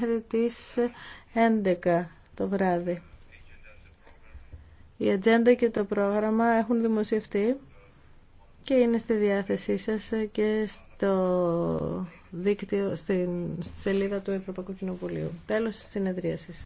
μέχρι τις 11 το βράδυ. Η ατζέντα και το πρόγραμμα έχουν δημοσιευτεί και είναι στη διάθεσή σας και στο δίκτυο, στην σελίδα του Ευρωπαϊκού Κοινοβουλίου. Τέλος της συνεδρίασης.